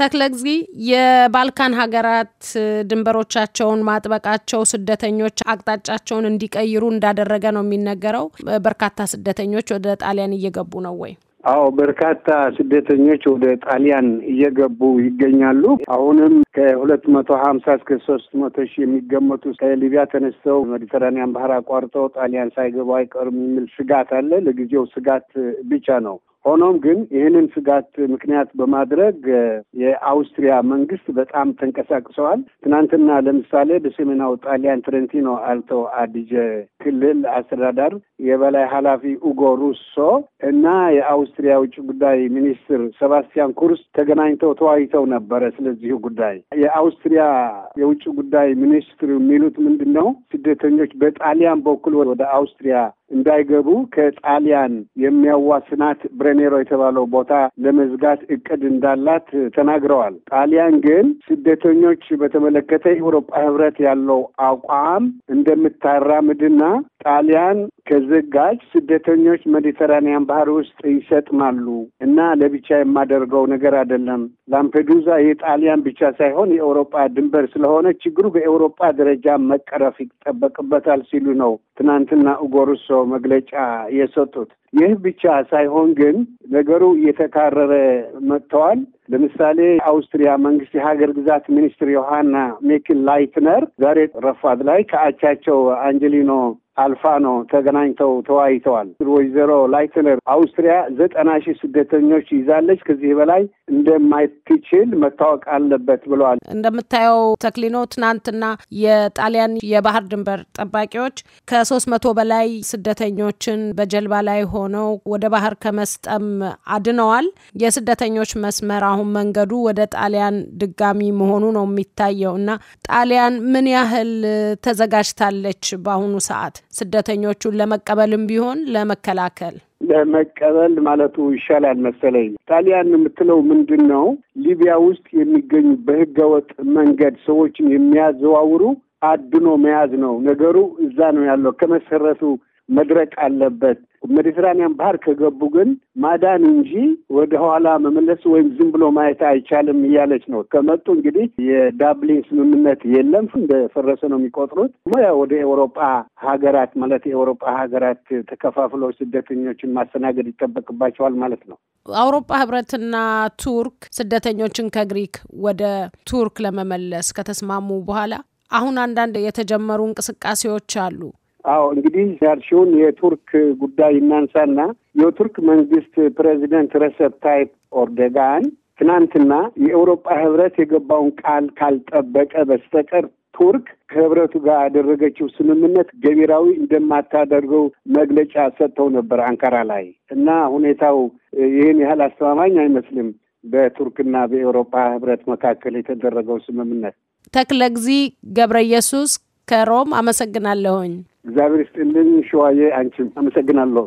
ተክለ ጊዜ የባልካን ሀገራት ድንበሮቻቸውን ማጥበቃቸው ስደተኞች አቅጣጫቸውን እንዲቀይሩ እንዳደረገ ነው የሚነገረው። በርካታ ስደተኞች ወደ ጣሊያን እየገቡ ነው ወይ? አዎ በርካታ ስደተኞች ወደ ጣሊያን እየገቡ ይገኛሉ። አሁንም ከሁለት መቶ ሀምሳ እስከ ሶስት መቶ ሺህ የሚገመቱ ከሊቢያ ተነስተው ሜዲተራኒያን ባህር አቋርጠው ጣሊያን ሳይገቡ አይቀርም የሚል ስጋት አለ። ለጊዜው ስጋት ብቻ ነው። ሆኖም ግን ይህንን ስጋት ምክንያት በማድረግ የአውስትሪያ መንግስት በጣም ተንቀሳቅሰዋል። ትናንትና ለምሳሌ በሰሜናዊ ጣሊያን ትሬንቲኖ አልቶ አዲጀ ክልል አስተዳደር የበላይ ኃላፊ ኡጎ ሩሶ እና የአውስትሪያ ውጭ ጉዳይ ሚኒስትር ሰባስቲያን ኩርስ ተገናኝተው ተወያይተው ነበረ። ስለዚሁ ጉዳይ የአውስትሪያ የውጭ ጉዳይ ሚኒስትር የሚሉት ምንድን ነው? ስደተኞች በጣሊያን በኩል ወደ አውስትሪያ እንዳይገቡ ከጣሊያን የሚያዋስናት ብሬኔሮ የተባለው ቦታ ለመዝጋት እቅድ እንዳላት ተናግረዋል። ጣሊያን ግን ስደተኞች በተመለከተ የአውሮፓ ህብረት ያለው አቋም እንደምታራምድና ጣሊያን ከዘጋጅ ስደተኞች ሜዲተራኒያን ባህር ውስጥ ይሰጥማሉ እና ለብቻ የማደርገው ነገር አይደለም። ላምፔዱዛ የጣሊያን ብቻ ሳይሆን የአውሮጳ ድንበር ስለሆነ ችግሩ በኤውሮጳ ደረጃ መቀረፍ ይጠበቅበታል ሲሉ ነው ትናንትና ኡጎሩሶ መግለጫ የሰጡት። ይህ ብቻ ሳይሆን ግን ነገሩ እየተካረረ መጥተዋል። ለምሳሌ አውስትሪያ መንግስት የሀገር ግዛት ሚኒስትር ዮሐና ሜክል ላይትነር ዛሬ ረፋድ ላይ ከአቻቸው አንጀሊኖ አልፋኖ ተገናኝተው ተወያይተዋል። ወይዘሮ ላይትነር አውስትሪያ ዘጠና ሺህ ስደተኞች ይዛለች፣ ከዚህ በላይ እንደማትችል መታወቅ አለበት ብለዋል። እንደምታየው ተክሊኖ ትናንትና የጣሊያን የባህር ድንበር ጠባቂዎች ከሶስት መቶ በላይ ስደተኞችን በጀልባ ላይ ሆነው ወደ ባህር ከመስጠም አድነዋል። የስደተኞች መስመር አሁን መንገዱ ወደ ጣሊያን ድጋሚ መሆኑ ነው የሚታየው እና ጣሊያን ምን ያህል ተዘጋጅታለች በአሁኑ ሰዓት ስደተኞቹን ለመቀበልም ቢሆን ለመከላከል ለመቀበል ማለቱ ይሻላል መሰለኝ። ጣሊያን የምትለው ምንድን ነው? ሊቢያ ውስጥ የሚገኙ በህገወጥ መንገድ ሰዎችን የሚያዘዋውሩ አድኖ መያዝ ነው ነገሩ። እዛ ነው ያለው ከመሰረቱ መድረቅ አለበት። ሜዲትራኒያን ባህር ከገቡ ግን ማዳን እንጂ ወደ ኋላ መመለስ ወይም ዝም ብሎ ማየት አይቻልም እያለች ነው። ከመጡ እንግዲህ የዳብሊን ስምምነት የለም እንደፈረሰ ነው የሚቆጥሩት። ሙያ ወደ ኤውሮጳ ሀገራት ማለት የኤውሮጳ ሀገራት ተከፋፍለው ስደተኞችን ማስተናገድ ይጠበቅባቸዋል ማለት ነው። አውሮፓ ህብረትና ቱርክ ስደተኞችን ከግሪክ ወደ ቱርክ ለመመለስ ከተስማሙ በኋላ አሁን አንዳንድ የተጀመሩ እንቅስቃሴዎች አሉ። አዎ እንግዲህ ያልሽውን የቱርክ ጉዳይ እናንሳና የቱርክ መንግስት ፕሬዚደንት ረሰብ ታይፕ ኦርዶጋን ትናንትና የአውሮፓ ህብረት የገባውን ቃል ካልጠበቀ በስተቀር ቱርክ ከህብረቱ ጋር ያደረገችው ስምምነት ገቢራዊ እንደማታደርገው መግለጫ ሰጥተው ነበር አንካራ ላይ እና ሁኔታው ይህን ያህል አስተማማኝ አይመስልም። በቱርክና በአውሮፓ ህብረት መካከል የተደረገው ስምምነት ተክለ ጊዜ ገብረ ኢየሱስ ከሮም አመሰግናለሁኝ። እግዚአብሔር ይስጥልኝ ሸዋዬ፣ አንቺም አመሰግናለሁ።